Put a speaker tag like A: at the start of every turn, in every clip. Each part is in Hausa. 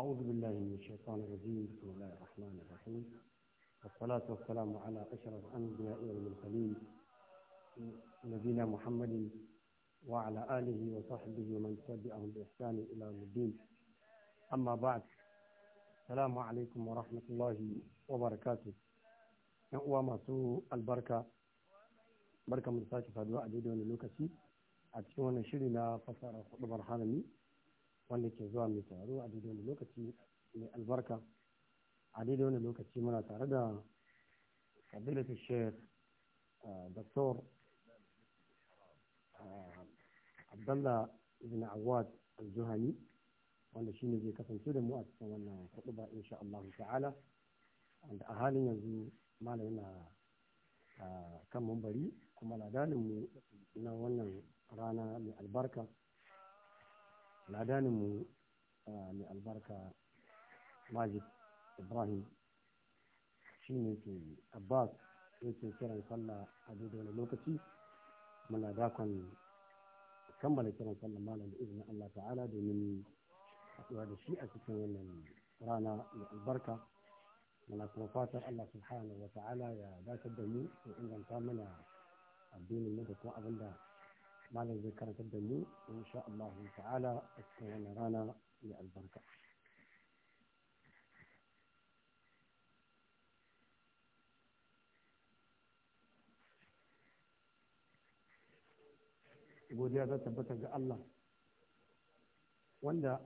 A: أعوذ بالله من الشيطان الرجيم بسم الله الرحمن الرحيم والصلاة والسلام على أشرف الأنبياء والمرسلين نبينا محمد وعلى آله وصحبه ومن تبعهم بإحسان إلى يوم الدين أما بعد السلام عليكم ورحمة الله وبركاته يقوى masu البركة بركة mu sake saduwa a daidai أتشون شرنا a خطب الحالمي wanda ke zuwa mai taro a daidai wani lokaci mai albarka a daidai wani lokaci muna tare da fadilatu shek eh, doktor eh, abdallah ibn awad al-juhani wanda shine zai kasance da mu a cikin wannan a insha Allah ta'ala wanda a halin yanzu malam yana eh, kan mambari kuma ladanin mu na wannan rana mai albarka ladaninmu mai albarka majid ibrahim shi ne ke abbas yake kiran sallah a wani lokaci muna dakon kammala kiran sallah malam da izinin allah ta'ala domin haɗuwa da shi a cikin wannan rana mai albarka muna kuma fatan allah subhanahu wa ta'ala ya dakatar da mu ya inganta mana addinin mu da kuma abin da malam zai karanta da mu insha Allah ta'ala a cikin wannan rana mai albarka godiya za tabbata ga Allah wanda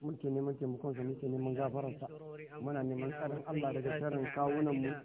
A: muke neman taimakonsa muke neman gafararsa muna neman tsarin Allah daga tsarin kawunanmu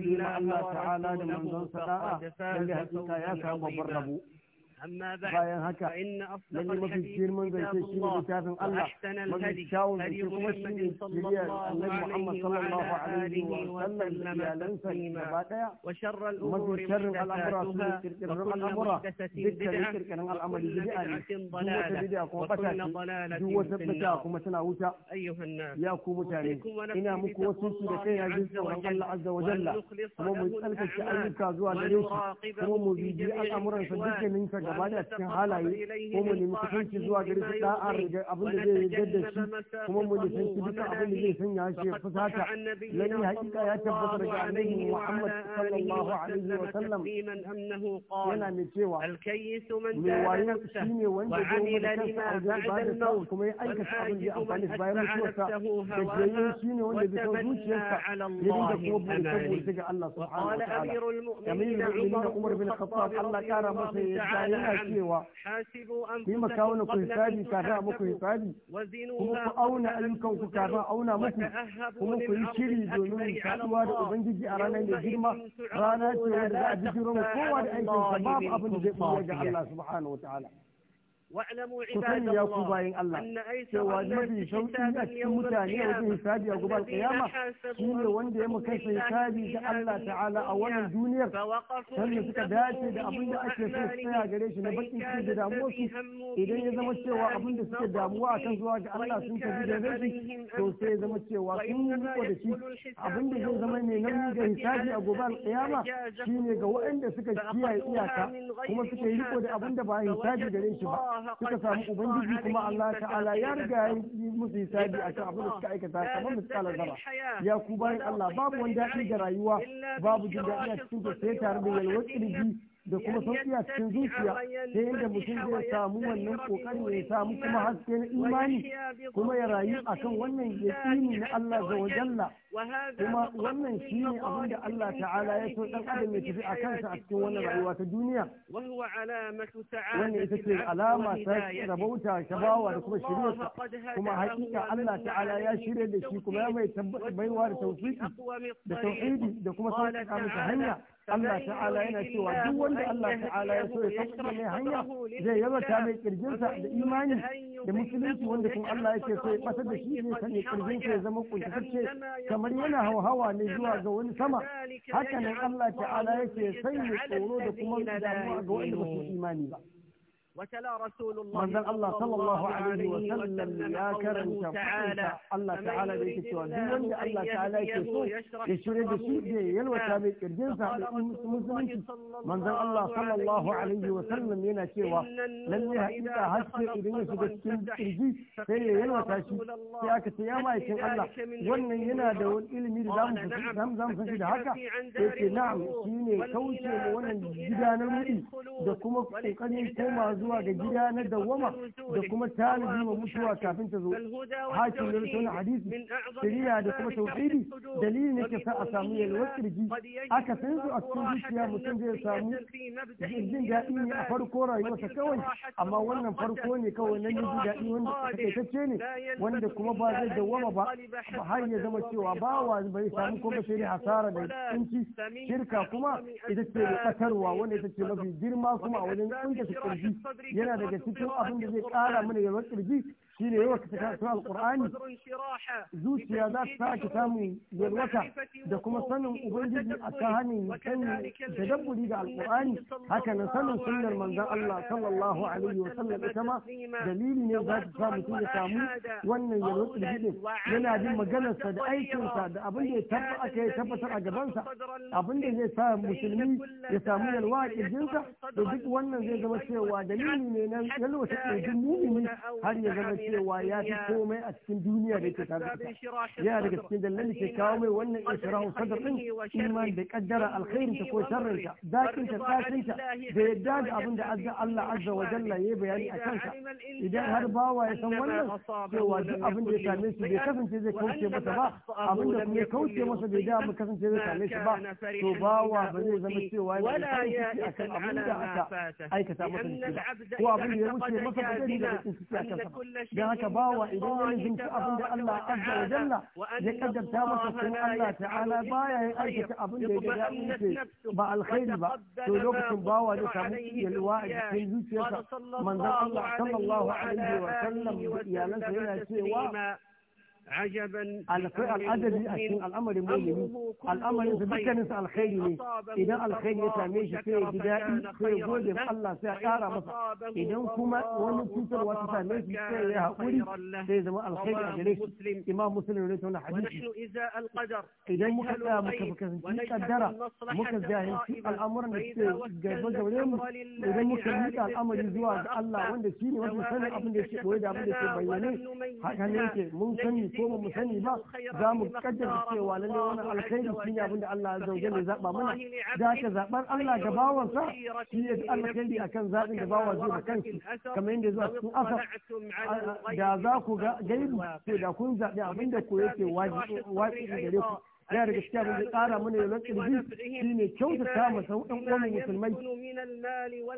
B: yi na Allah ta'ala da manzon sada'a don da hakika ya samu babban rabo أما بعد فإن أصدق الحديث كتاب الله وأحسن الهدي هدي محمد صلى الله عليه وعلى آله وسلم تسليما وشر الأمور محدثاتها وكل محدثة بدعة وكل بدعة ضلالة وكل ضلالة في النار أيها الناس أوصيكم ونفسي بتقوى الله عز وجل ولنخلص له الأعمال والمراقبة في جميع الأمور gaba da cikin halaye ko mu nemi kusanci zuwa gare shi da an riga abin da zai yarda da shi kuma mu nisanci duka abin da zai sanya shi ya fusata lalle hakika ya tabbata daga annabi Muhammad sallallahu alaihi wa sallam yana mai cewa mai wayo shine wanda zai wanda kansa a wajen ba da sau kuma ya aikata abin da ya amfani shi bayan mutuwarsa da jayi shine wanda bai san zuciyarsa ya dinga kuma buɗe saboda daga Allah subhanahu wa ta'ala kamar yadda Umar bin Khattab Allah kara masa yadda yana cewa ku yi makawuna ku hisabi kafin a muku hisabi kuma ku auna ayyukan ku kafin auna muku kuma ku yi shiri domin saduwa da ubangiji a ranar da girma rana ce wanda za a ji jiran kowa da aikinsa babu abin da zai ɓoye ga Allah
A: subhanahu wa ta'ala
B: ku sani ya ku bayan Allah cewa nabi sun ina cikin mutane a cikin hisabi a gubar kiyama shi wanda ya muka sai hisabi ga Allah ta'ala a wannan duniyar sannan suka dace da abin da ake so su tsaya gare shi na baki su da damuwa su idan ya zama cewa abin suke damuwa a kan zuwa ga Allah sun tafi da zai to ya zama cewa sun yi riko da shi abin da zama mai nauyi ga hisabi a gubar kiyama shi ga waɗanda suka kiyaye iyaka kuma suke yi riko da abin ba a hisabi gare shi ba suka samu ubangiji kuma Allah ta'ala ya riga ya yi musu hisabi a kan abin da suka aikata kamar misalan zama ya ku bayan Allah babu wani daɗi ga rayuwa babu jin daɗi a cikin sai tare da yalwar ƙirji da kuma sauƙi a cikin zuciya ta yadda mutum zai samu wannan ƙoƙari ya samu kuma haske na imani kuma ya rayu akan wannan yaƙini na Allah da wajalla kuma wannan shi ne abin da Allah ta'ala ya so ɗan adam ya tafi a kansa a cikin wannan rayuwa ta duniya wannan ita ce alama ta rabauta shabawa da kuma shiryarsa kuma hakika Allah ta'ala ya shirya da shi kuma ya mai baiwa da tawfiki da tauhidi da kuma sauƙaƙa masa hanya Allah ta'ala yana cewa duk wanda Allah ta'ala ya so ya sauƙaƙa mai hanya zai yaba ta mai kirjinsa da imani da musulunci wanda kuma Allah yake so ya batar da shi zai sanya kirjin ya zama kuntatacce kamar yana hauhawa ne zuwa ga wani sama haka nan Allah ta'ala yake sanya tsoro da kuma damuwa ga wanda ba su imani ba وتلا رسول الله من الله صلى الله عليه وسلم يا كرم تعالى الله تعالى بيك سوى الله تعالى يشرد شيء يلوى تامي كرجين مسلم من الله صلى الله عليه وسلم ينا سوى لن يهئتا هسر إذن يسجد كرجي سيلي يلوى تاشي سياك سياما يشن الله ون ينا دول إلمي دام زم سجد هكا يقول نعم شيني كوشي ون جدان المئي دكما قريب كوما zuwa ga gida na dawwama da kuma tanadi wa mutuwa kafin ta zo hakin da wani hadisi shari'a da kuma tauhidi dalilin yake sa a samu yalwar kirji aka san su a cikin zuciya mutum zai samu jin daɗi ne a farko rayuwarsa kawai amma wannan farko ne kawai na jin daɗi wanda takaitacce ne wanda kuma ba zai dawwama ba har ya zama cewa bawa bai samu kuma sai hasara da tsinci shirka kuma ita ce mai tsakarwa, wanda ita ce mafi girma kuma a wajen tsinka su ƙarfi yana daga cikin abin da zai kara mana yawan kirji shi ne yawa ta ta alqur'ani zuciya za ta sake samun yalwata da kuma sanin ubangiji a tahanin hannun sanin tadabburi da alqur'ani haka nan sanin sunnar manzan Allah sallallahu alaihi wa sallam ita ma dalili ne za ta sa mutum ya samu wannan yalwata din yana bin maganarsa da aikinsa da abin ya tabbatar a gabansa abinda zai sa musulmi ya samu yalwa a kirjinsa da duk wannan zai zama cewa dalili ne na yalwata kirjin mumini har ya zama cewa ya fi komai a cikin duniya da yake tare da ita yana daga cikin dalilin ke kawo mai wannan isra'u sadar din iman da kaddara alkhairin ta ko sharrin ta dakin ta tsakin ta da yadda da abin da azza Allah azza wa jalla yayi bayani a kansa idan har bawa ya san wannan cewa duk abin da ya same shi bai kasance zai kauce masa ba abin da kuma ya kauce masa bai da mu kasance zai same shi ba to bawa ba zai zama cewa ya a akan abin da aka aikata masa ko abin da ya wuce masa ba zai da a akan sa da haka bawa idan ya lizinta abin da Allah azza wa jalla ya kaddarta masa kuma Allah ta'ala baya yi aikata abin da ya ga ce ba alkhairi ba to lokacin bawa da samu yalwa a cikin zuciyarsa manzon Allah sallallahu alaihi wa sallam da iyalansa yana cewa al'adari a cikin al'amarin mulmini al'amarin su dukkanin su alkhairi ne idan alkhairi ya same shi sai ya ji daɗi sai ya gode Allah sai ya ƙara masa idan kuma wani cutarwa ta same shi sai ya haƙuri sai zama alkhairi a gare shi imam muslim ne tona idan muka tsaya muka fuskanci kaddara muka jahilci al'amuran da suke gaba idan muka miƙa al'amari zuwa ga Allah wanda shi ne wanda sanin abin da yake da bayyane mun sani Koma mu sani ba za mu kaddara cewa lalle wannan alkhairi shine abin da Allah azza wa jalla ya zaba mana da aka zabar Allah ga bawansa shi ya alkhairi akan zabin da bawa zai da kanki kamar yadda zuwa cikin asar da za ku ga gaibu to da kun zabi abin da ko yake wajibi gare ku yana da gaskiya mun tsara mana yau nan kirji shi ne kyautata mu sau ɗan uwan musulmai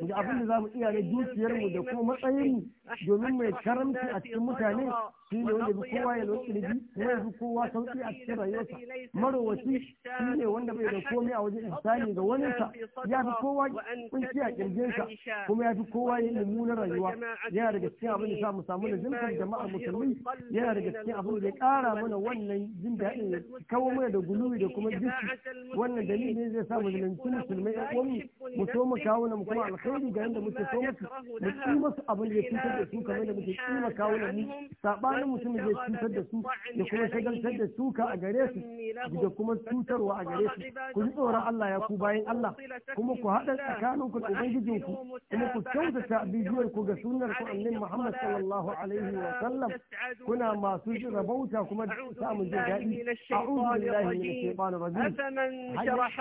B: da abin da za mu iya na dukiyarmu da kuma matsayinmu domin mai karamci a cikin mutane shi ne wanda bi kowa ya lokaci da bi kuma ya bi kowa sauki a cikin rayuwarsa marowaci shi ne wanda bai da komai a wajen insani ga waninsa ya fi kowa kunci a kirjinsa kuma ya fi kowa ya yin mummunar rayuwa yana daga cikin abin da za mu samu da zimtar jama'ar musulmi yana daga cikin abin da ya kara mana wannan jin daɗin ya kawo mana da guluwi da kuma gishi wannan dalilin zai sa mu zalunci musulmai ɗan uwanmu mu so mu kawo na mu kuma alkhairi ga yadda muke so musu mu ƙi masu abin da ya fitar da su kamar da muke ƙi ma kawo na mu saɓanin har mutumin zai cutar da su ya kuma shagaltar da suka a gare su da kuma cutarwa a gare su ku ji tsoron Allah ya ku bayan Allah kuma ku haɗa tsakanin ku ubangijin ku kuma ku kyautata bibiyar ku ga sunnar ku annabi Muhammad sallallahu alaihi wa sallam kuna masu rabauta kuma samun jin daɗi a'udhu billahi minash shaitanir rajim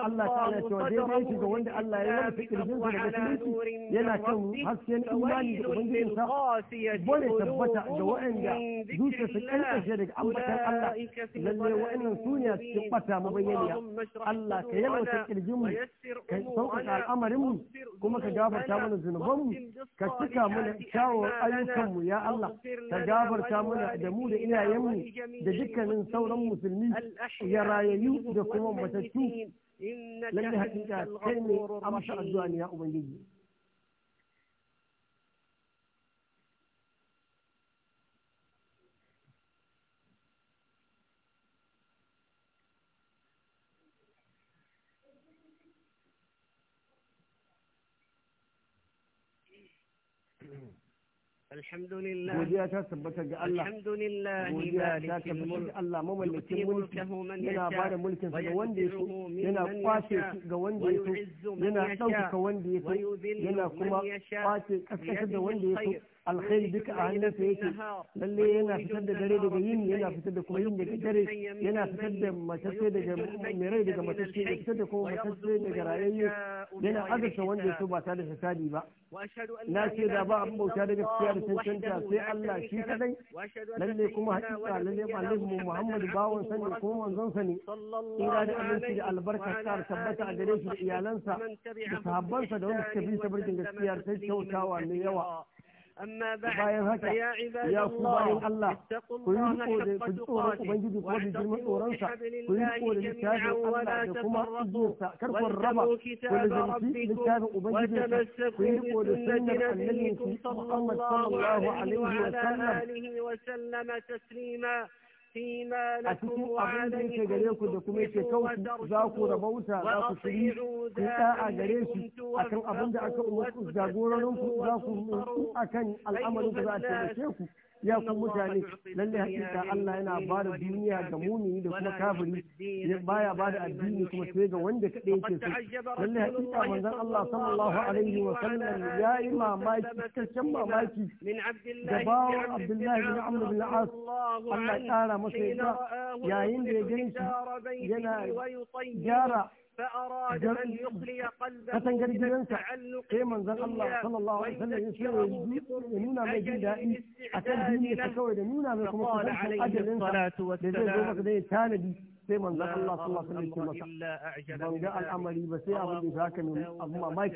B: Allah ta'ala ya tawaje yake ga wanda Allah ya yi masa kirjin sa daga cikin yana kan hasken imani da ubangijin sa bane tabbata da waɗanda zuciyarsa su kankashe daga ambatan Allah lalle wa'annan suniya cikin bata mabayyaniya Allah ka yi kirjin mu ka sauƙaƙa al'amarinmu, kuma ka gafarta mana zunuban ka cika mana kyawun ayyukanmu ya Allah ka gafarta mana da mu da iyayenmu da dukkanin sauran musulmi ya rayayyu da kuma matattu
A: lalle hakika kai ne amsa addu'a ne ya ubangiji
B: الحمد godiya ta tabbatar ga Allah alhamdulillah godiya ta tabbatar ga Allah mamallakin mulki yana ba da mulkin ga wanda ya so yana kwace ga wanda ya so yana ɗaukaka wanda ya so yana kuma kwace kaskasar da wanda ya so alkhairi duka a hannunsa yake lalle yana fitar da dare daga yini yana fitar da kuma yin daga dare yana fitar da matacce daga mai rai daga matacce ya fitar da kuma matacce daga rayayye yana azurta wanda ya so ba tare da hisabi ba na ce da ba abin bauta daga gaskiya da cancanta sai Allah shi kadai lalle kuma hakika lalle ba mu muhammadu bawon sani kuma manzon sani ina da abinci da albarka ta tabbata a gare shi da iyalansa da sahabbansa da wanda suka bi tabarkin gaskiya sai kyautawa ne yawa
A: أما بعد يا عبادي الله
B: اتقوا الله حق تقاته واعتصموا بحبل الله جميعا ولا تفرقوا واتقوا كتاب ربكم وتمسكوا بسنة نبيكم صلى الله عليه وعلى آله وسلم تسليما a cikin abin da yake gare ku da kuma yake kanku za ku rabauta za ku shiri ku da'a gare shi akan abin da aka umarci jagororinku za ku mutu akan al'amarin da za a taimake ku ya ku mutane lalle hakika Allah yana ba da duniya ga mumini da kuma kafiri ya baya ba da addini kuma sai ga wanda kaɗai yake so lalle hakika manzon Allah sallallahu alaihi wa sallam ya yi mamaki cikakken mamaki da bawa Abdullahi bin Amr bin As Allah ya kara masa yayin da ya ganshi yana gyara
A: فأراد أن يخلي
B: قلبه من التعلق بالدنيا ويستشعر بقرب أجل الاستعداد إيه؟ له فقال عليه الصلاة والسلام سيمن لك الله صلى الله عليه وسلم من جاء الأمر يبسيء أبو ذاك من أبو مايك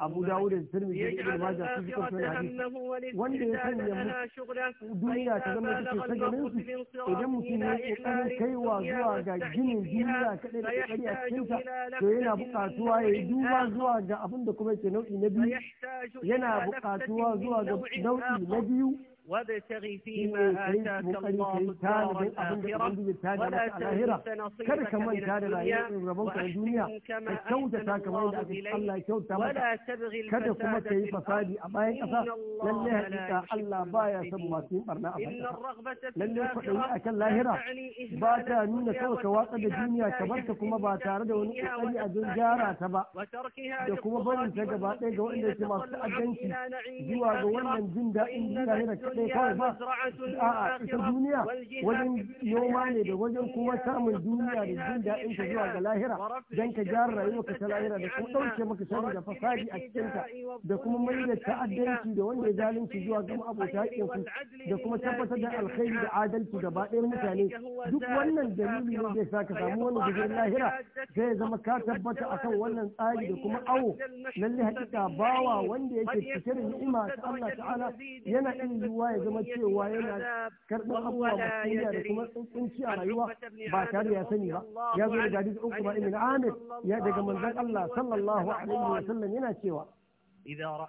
B: أبو داود الزرمي يجعل الأفئة أنه ولدت لنا شغلة ودنيا تزمي تشي سجل إذا ممكن يقوم كيوا زوا جن الجنيا كذلك يقول يا سيسا كينا بقى توا يدوا زوا جا أفندكم يتنوء نبي ينا بقى توا زوا جا نبي وابتغي فيما آتاك الله الدار الآخرة ولا تنس نصيبك من الدنيا وأحسن كما أحسن الله إليك ولا تبغي الفساد في الأرض إن الله لا يحب إن الرغبة في الآخرة تعني إهمال الدنيا واتباعها وتركها لقربات الدنيا والرغبة إلى نعيم الدنيا kaɗai kawai ba a duniya wajen noma ne da wajen kuma samun duniya da jin daɗin ta zuwa ga lahira dan ka gyara rayuwarka ta lahira da kuma ɗauke maka sani da fasadi a cikinta da kuma mai da ta'addanci da wanda ya zalunci zuwa ga abota haƙƙinsu da kuma tabbatar da alkhairi da adalci gaba ɗayan mutane duk wannan dalili ne zai sa ka samu wani gudunar lahira zai zama ka tabbata akan wannan tsari da kuma awo lalle hakika bawa wanda yake cike da ni'ima ta Allah ta'ala yana iya yiwuwa ma ya zama cewa yana karɓar abubuwa masu yiya da kuma tsuntsunci a rayuwa ba tare ya sani ba ya zo daga hadisi uku ba ibn amir ya daga manzon Allah sallallahu alaihi wa sallam yana cewa idan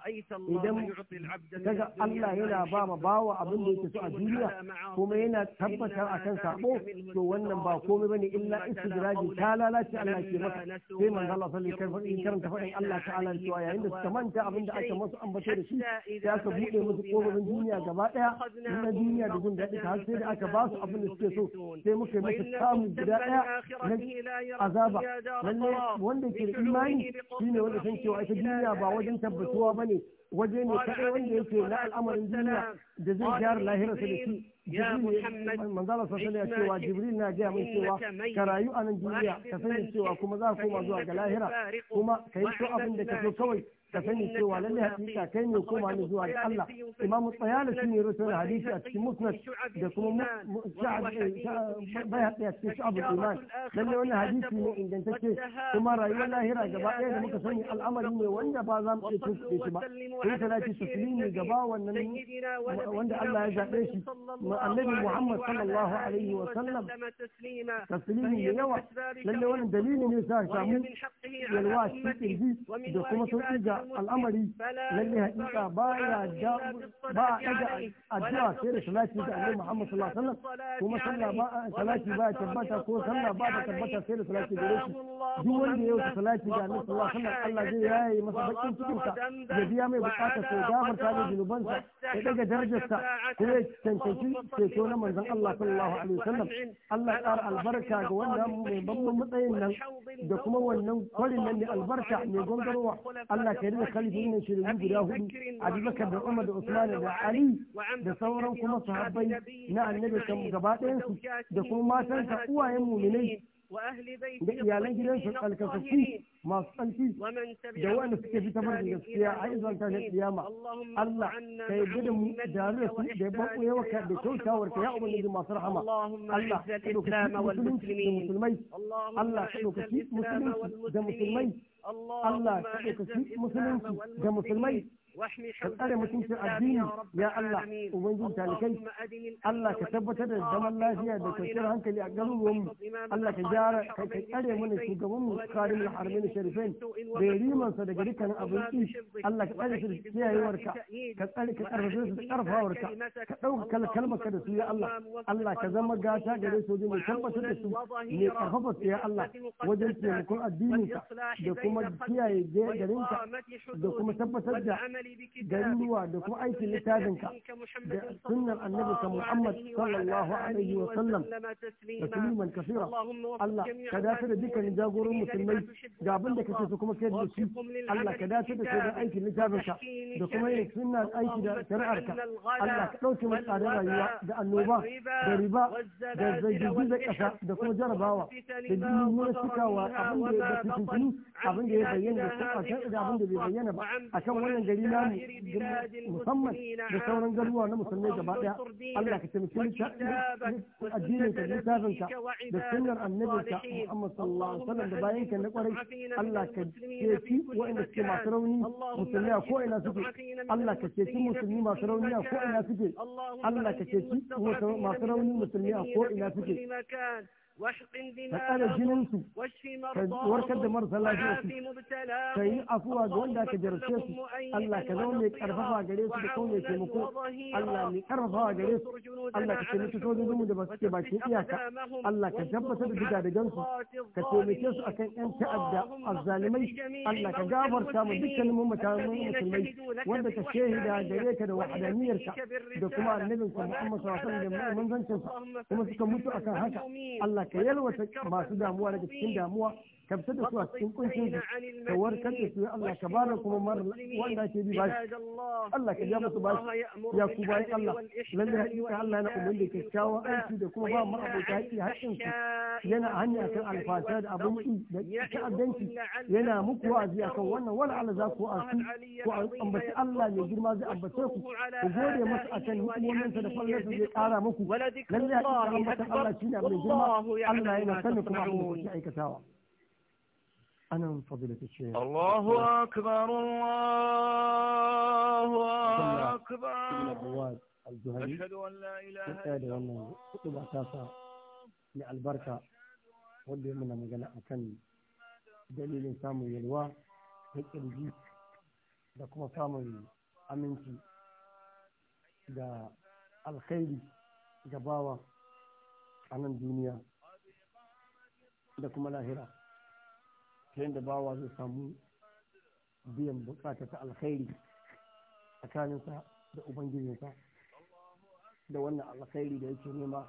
B: Allah yana ba bawa abin da yake so a duniya kuma yana tabbatar a kan sabo to wannan ba komai ne illa istidraji ta lalace Allah ke maka sai manzo Allah sallallahu alaihi wasallam karanta fadin Allah ta'ala cewa yayin da suka manta abin da aka musu ambato da shi sai aka bude musu duniya gaba daya na duniya da jin daɗi har sai da aka basu abin da suke so sai muka yi masa samu guda daya na azaba lalle wanda ke da imani shine wanda san cewa ita duniya ba wajen tabbata kowa ba ne waje ne kaɗai wanda yake na al'amarin duniya da zai gyara lahirar su da shi manzala ya cewa jibril na gaya min cewa ka rayu a nan duniya ka sani cewa kuma za ka koma zuwa ga lahira kuma ka yi so abin da ka so kawai تفني سوى لنها تيكا كان يقوم عن زوى الله إمام الطيالة سني رسول حديث أتسمتنا دكم مساعد بيهق يتشعب الإيمان لن يقولنا حديث من عند تكي ثم رأي الله هنا جباء إذا مكسوني الأمر إني وإن جباء ذام إتوك بشباء إيسا لا تسفليني جباء وإن الله إذا إيش النبي محمد صلى الله عليه وسلم تسليمي ليوا لن يقولنا دليل من يساك سامون يلواش في التنزيل دكم سوى al'amari lalle hakika ba ya da ba a daga addu'a sai da salati ga Annabi Muhammad sallallahu alaihi wasallam kuma sallah ba salati ba tabbata ko sallah ba ta tabbata sai da salati gare shi duk wanda ya yi salati ga Annabi sallallahu alaihi wasallam Allah zai yaye masa bakin cikin sa ya biya mai bukatar gafar ta gafarta mai sa, ya daga darajarsa ko ya cancanci ceto na manzon Allah sallallahu alaihi wasallam Allah ya ƙara albarka ga wanda mai babban matsayin nan da kuma wannan kwarin nan ne albarka mai gongarwa Allah ka garin da kalifin ne shirin guda hudu abubakar da umar da usman da ali da sauran kuma sahabbai na annabi kan gaba da kuma matansa uwayen muminai da iyalan gidansu alkasassu masu tsanci da wanda suke fi tafar da gaskiya a izon ta da tsiyama Allah ka yi gudun mu da da su da ya bako yawa ka da kyautawar ka ya ubangiji masu rahama Allah musulunci da musulmai Allah ka ɗaukaki musulunci da musulmai tsare mutuncin addini ya Allah ubangiji talikai Allah ka tabbatar da zaman lafiya da kwanciyar hankali a garuruwan mu Allah ka tsare mana shugaban mu karim al-harmin sharifain da riman sa daga dukkanin abinci Allah ka tsare shi kiyayewar ka ka tsare ka karfafe su karfawar ka ka dauka kalmar da su ya Allah Allah ka zama gasa gare su wajen tabbatar da su ne karfafa su ya Allah wajen taimakon addinin ka da kuma kiyaye garin ka da kuma tabbatar da garuruwa da kuma aikin littafinka da sunnar annabinka Muhammad sallallahu alaihi wa sallam da tuluman kasira Allah ka dace da dukkanin jagoran musulmai ga abin da kake so kuma kai da shi Allah ka dace da shi aikin littafinka da kuma yin sunnar aiki da shari'arka Allah ka dauke mu tsadar rayuwa da annoba da riba da zagigi da ƙasa da kuma jarabawa da jini cikawa abin da ya bayyana da abin da bai bayyana ba a kan wannan gari ina ne musamman da sauran garuwa na musulmai gaba daya Allah ka taimaki eh, eh, addinin ka littafin ka da sunnar annabinka Muhammad sallallahu alaihi wasallam da bayan ka na kwarai Allah ka ceci wa'anda suke masu rauni musulmai ko ina suke Allah ka ceci musulmi masu rauni ko ina suke Allah ka ceci masu rauni musulmai ko ina suke فقال جننس وركد da marasa lafiya su ka yi afuwa ga wanda ka jarce su Allah ka zama mai karfafa gare da kaune taimako Allah mai karfafa gare Allah ka taimaki sojojin mu da ba bakin iyaka Allah ka tabbatar da gidadagan dagansu ka taimake akan yan ta'adda azzalimai Allah ka gafarta mu dukkanin mu musulmai wanda ka shehida gare ka da wahadaniyarka da kuma annabinka Muhammad sallallahu alaihi wasallam da manzancinsa kuma suka mutu akan haka Allah ka yalwata masu damuwa daga cikin damuwa ka fitar da su a cikin kunshin su ka warkar da su ya Allah ka bada kuma mara wanda ke bi bashi Allah ka ja musu bashi ya ku bayan Allah lalle hakika Allah yana umarni da kyakkyawan aiki da kuma ba mara abota haƙƙi haƙƙin su yana hanya kan alfasha da abin da ta'addanci yana muku wa'azi akan wannan wala Allah za ku asu ku ambaci Allah mai girma zai ambace ku ku gode masa akan ni'imominsa da fallarsa zai ƙara muku lalle hakika ambatan Allah shine mai girma Allah yana sanin kuma abin da
A: aikatawa أنا من فضيلة الشيخ الله أكبر الله أكبر عواد أشهد أن لا إله إلا الله كتب أساسا للبركة واللي من مجانا أكن دليل سامو يلوى هيك الجيب da سامو أمنتي دا الخير جباوة ga الدنيا a nan ta da bawa zai samu biyan bukata ta alkhairi tsakaninsa da ubangijinsa da wannan alkhairi da yake nema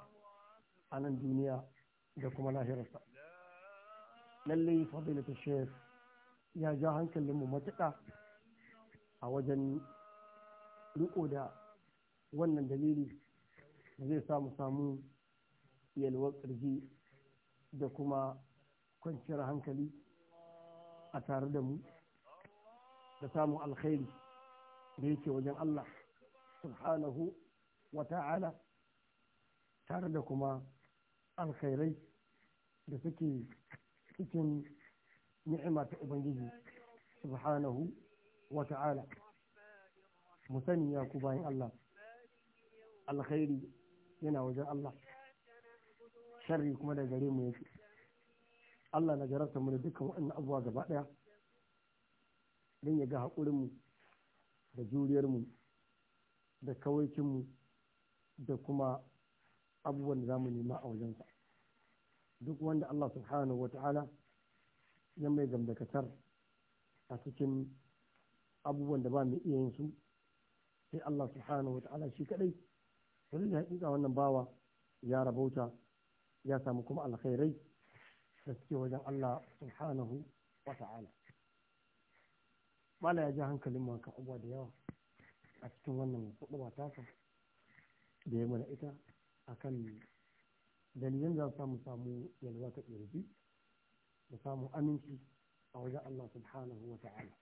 A: a nan duniya da kuma lahirarsa lallai fadilatu shef ya ja hankalinmu matuƙa a wajen riko da wannan dalili da zai samu samu yalwar ƙirji da kuma kwanciyar hankali a tare da mu da samun alkhairi da yake wajen Allah subhanahu wa ta'ala tare da kuma alkhairai da suke cikin ni'ima ta Ubangiji subhanahu wa ta'ala mu sani ya ku bayan Allah alkhairi yana wajen Allah sharri kuma da gare mu yake Allah na jararta mana da dukkan waɗannan abubuwa gaba ɗaya don ya ga haƙurinmu da juriyarmu da kawaikinmu da kuma abubuwan da za mu nema a wajensa duk wanda Allah subhanahu wa ta'ala ya mai gamdakatar a cikin abubuwan da ba mu iya yin su sai Allah subhanahu wa ta'ala shi kaɗai wani da hakika wannan bawa ya rabauta ya samu kuma alkhairai da wajen Allah subhanahu wa ta'ala mala ya ji hankalin maka abuwa da yawa a cikin wannan kuɗuwa tasa da ya mana ita akan dalilin za samu samu yalwa ta ƙirji da samu aminci a wajen Allah subhanahu wa ta'ala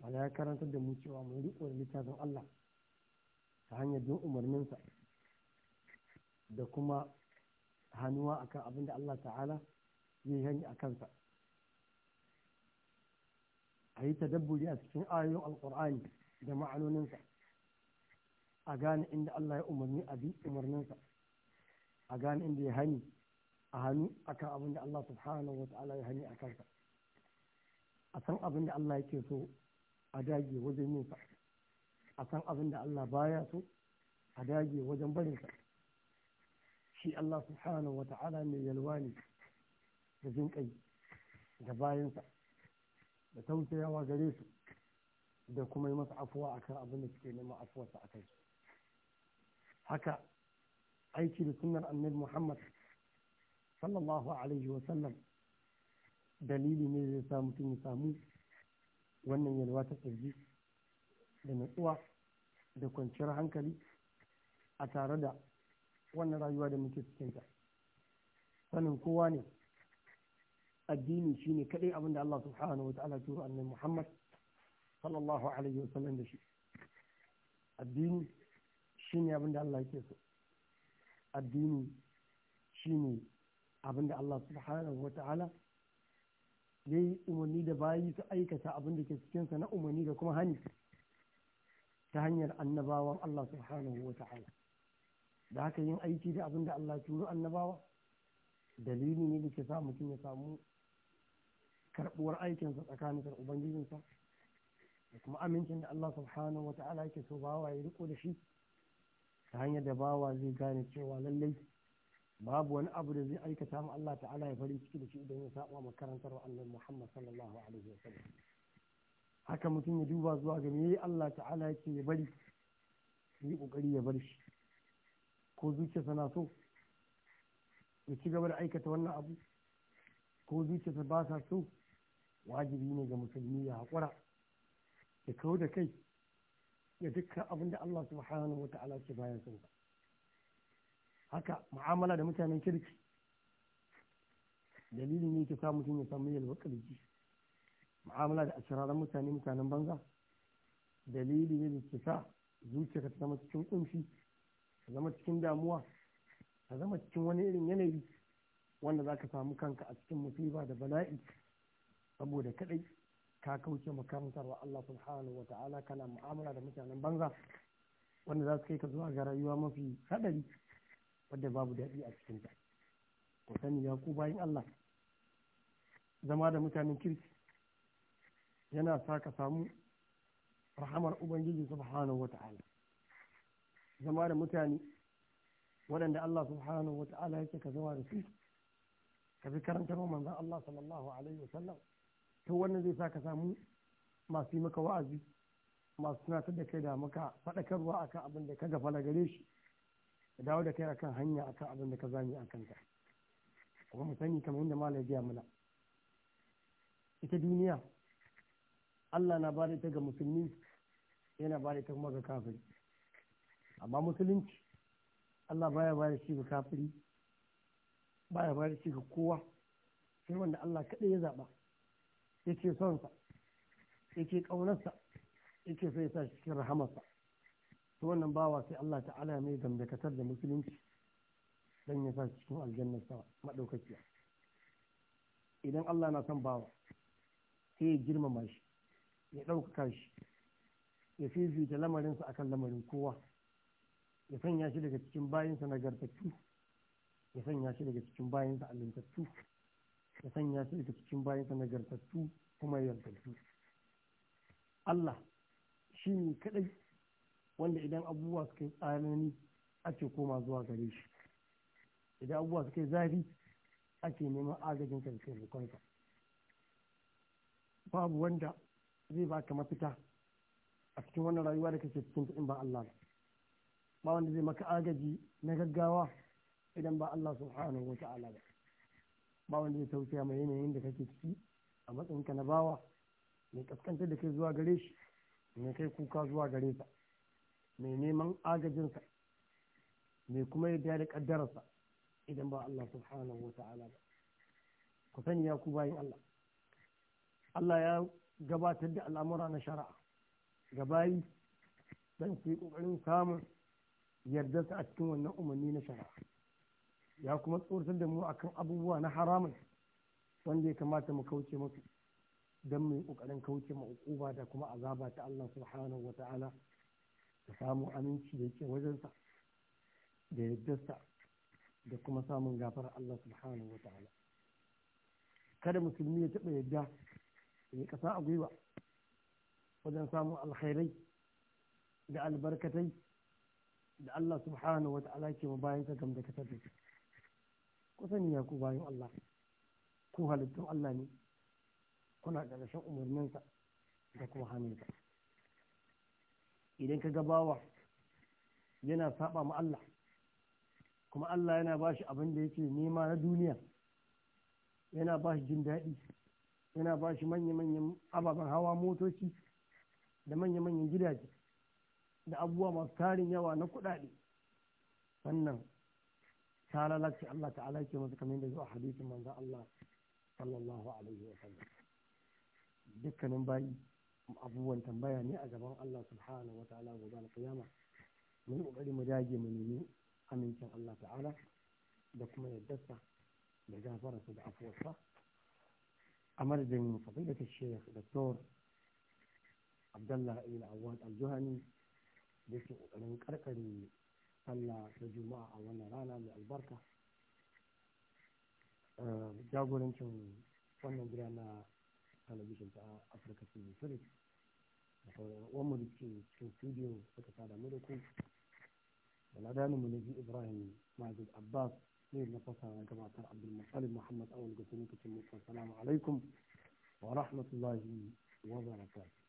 A: mala ya karantar da mu cewa mu riƙo da littafin Allah ta hanyar bin umarninsa da kuma hannuwa akan abin da Allah ta'ala ya yi a kansa a yi dabburi a cikin ayoyin alkur'ani da ma'anoninsa a gane inda Allah ya umarni a bi umarninsa a gane inda ya hani a hannu akan abin da Allah subhanahu wa ta'ala ya hani a kansa a san abin da Allah yake so a dage wajen yinsa a san abin da Allah baya so a dage wajen barinsa shi Allah subhanahu wa ta'ala mai yalwa ne da jin kai da bayansa da tausayawa gare su da kuma yi masa afuwa akan abin da suke neman afuwarsa a kai haka aiki da sunnar annabi Muhammad sallallahu alaihi wa sallam dalili ne zai sa mutum ya samu wannan yalwa ta tsirji da natsuwa da kwanciyar hankali a tare da wannan rayuwa da muke cikinta sanin kowa ne addini shi ne kadai abin da Allah subhanahu wataala turo annabi Muhammad sallallahu alaihi wasallam da shi addini shine abin da Allah yake so addini shine abin da Allah subhanahu wataala ya yi umarni da bayi su aikata abin da ke cikinsa na umarni da kuma hani ta hanyar annabawan Allah subhanahu wataala da haka yin aiki da abin da Allah turo annabawa dalili ne da ke sa mutum ya samu karɓuwar aikinsa tsakanin ubangijinsa da kuma amincin da Allah subhanahu wata'ala yake so bawa ya riko da shi ta hanyar da bawa zai gane cewa lallai babu wani abu da zai aikata ma Allah ta'ala ya farin ciki da shi idan ya saba makarantar annabi Muhammad sallallahu alaihi haka mutum ya duba zuwa ga me Allah ta'ala yake ya bari yi kokari ya bar shi ko zuciyarsa na so ya ci gaba da aikata wannan abu ko zuciyarsa ba sa so wajibi ne ga musulmi ya haƙura ya kawo da kai ga dukkan abin da Allah subhanahu wa ta'ala ce bayan sun haka mu'amala da mutanen kirki dalilin ne ke sa mutum ya samu yalwar kirji mu'amala da ashiraran mutane mutanen banza dalili ne ke sa zuciya ta zama cikin kunshi ka zama cikin damuwa ka zama cikin wani irin yanayi wanda za ka samu kanka a cikin musiba da bala'i saboda kadai ka kauce makarantar wa Allah subhanahu wa ta'ala kana mu'amala da mutanen banza wanda za su kai ka zuwa ga rayuwa mafi haɗari wadda babu daɗi a cikin ta ku sani ya ku bayan Allah zama da mutanen kirki yana sa ka samu rahamar ubangiji subhanahu wa ta'ala zama da mutane waɗanda Allah subhanahu wa ta'ala yake ka zama da su ka fi karanta karantar manzan Allah sallallahu alaihi wa sallam to wannan zai sa ka samu masu yi maka wa'azi masu tunatar da kai da maka faɗakarwa akan abin da ka gafa gafala gare shi da dawo da kai akan hanya akan abin da ka zami a kanka kuma mu sani kamar yadda malai biya mana ita duniya Allah na bada ita ga musulmi yana bada ita kuma ga kafiri amma musulunci Allah baya ba da shi kafiri baya ba da shi kowa sai wanda Allah kaɗai ya zaɓa yake sonsa yake ƙaunarsa yake so ya sa shi cikin rahamarsa to wannan bawa sai Allah ta'ala mai dambakatar da musulunci don ya sa shi cikin aljannar sa madaukakiya idan Allah na son bawa sai ya girmama shi ya ɗaukaka shi ya fifita lamarinsa akan lamarin kowa ya sanya shi daga cikin bayinsa nagartattu ya sanya shi daga cikin bayinsa alintattu ya sanya shi daga cikin bayinsa nagartattu kuma yantattu Allah shi ne kadai wanda idan abubuwa suka yi tsanani ake koma zuwa gare shi idan abubuwa suka yi zafi ake neman agajin karshe rukunsa babu wanda zai baka mafita a cikin wannan rayuwa da kake cikin in ba Allah ba ba wanda zai maka agaji na gaggawa idan ba Allah subhanahu wa ta'ala ba ba wanda zai tausaya mai yanayin da kake ciki a matsayinka na bawa mai kaskantar da kai zuwa gare shi mai kai kuka zuwa gare sa mai neman sa mai kuma yadda da kaddararsa idan ba Allah subhanahu wa ta'ala ba ku sani ya ku bayin Allah Allah ya gabatar da al'amura na shari'a ga bayi don su yi samun yardarsa a cikin wannan umarni na shari'a ya kuma tsoratar da mu akan abubuwa na haramun wanda ya kamata mu kauce musu don mu yi ƙoƙarin kauce ma da kuma azaba ta Allah subhanahu wa ta'ala da samun aminci da yake wajensa da yardarsa da kuma samun gafarar Allah subhanahu wa ta'ala kada musulmi ya taɓa yarda ya ƙasa a gwiwa wajen samun alkhairai da albarkatai da Allah subhanahu wa ta'ala ke ma bayan ka gamda ka tabbata ku sani ya ku bayan Allah ku halittun Allah ne kuna ƙarshen umarninsa da kuma hannunsa idan ka gabawa yana saba ma Allah kuma Allah yana ba shi abin da yake nema na duniya yana ba shi jin daɗi yana ba shi manya-manyan ababen hawa motoci da manya-manyan gidaje da abubuwa masu tarin yawa na kuɗaɗe wannan ta lalace Allah ta'ala ke masu kamar da zuwa hadisin manzo Allah sallallahu alaihi wa sallam dukkanin bayi abubuwan tambaya ne a gaban Allah subhanahu wa ta'ala gobe na kiyama mun kokari mu dage mu nemi amincin Allah ta'ala da kuma yaddarsa da gafararsa da afuwarsa a madadin fadilatul shaykh doktor Abdullah ibn Awad al-Juhani da ke ƙoƙarin ƙarƙare sallah ta juma'a a wannan rana mai albarka eh, jagorancin wannan gida na talabijin ta afirka tv series da sauran uwanmu da ke cikin studio suka sada mu da ku da ladanin mu na ji ibrahim mazid abbas ne na fasa na gabatar abdulmusalim muhammad awal gasa lokacin mutum salamu alaikum wa rahmatullahi wa barakatuh